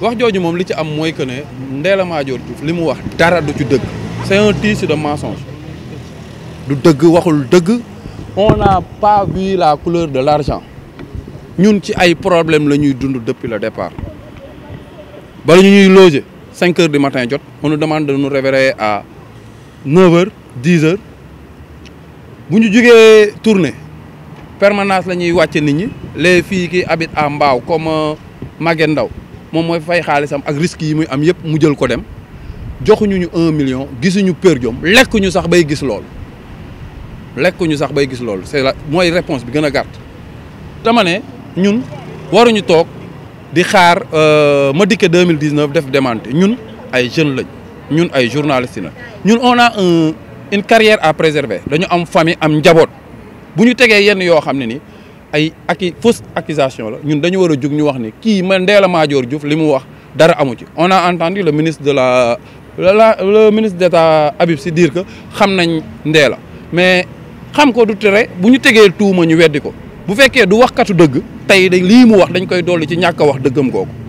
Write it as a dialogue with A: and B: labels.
A: wax li ci c'est un tissu de mensonge on n'a pas vu la couleur de l'argent Nous avons ay problème depuis le départ Nous sommes ñuy loger 5h du matin on nous demande de nous réveiller à 9h-10h. Nous ñu jugee tournée permanence lañuy nit ñi les filles qui habitent à Mbao comme Magendao mom moy fay xalissam ak risque yi muy am yépp mu jël ko dem joxuñu ñu un million gisuñu peur jom lekkuñu sax bay gis loolu lekkuñu sax bay gis loolu c'est la moy réponse bi gëna a dama né ñun waruñu tok di xaar euh, ma dikke 2019 def démenté ñun ay jeunes lañ ñun ay journalistes la ñun on a un une carrière à préserver dañu am famille am njabot buñu téggé yenn yo xamné ni ay aki fausse accusation la ñun dañu war a jug ni kii ma ndee la Madior Diouf li mu wax dara amu ci on a entendu le ministre de la le, la, le ministre d' état Habib si dire que xam nañ ndee la mais xam ko du tere bu ñu tegee tuuma ñu weddi ko bu fekkee du waxkatu dëgg tey de lii mu wax dañ koy dolli ci ñàkk a wax dëggam googu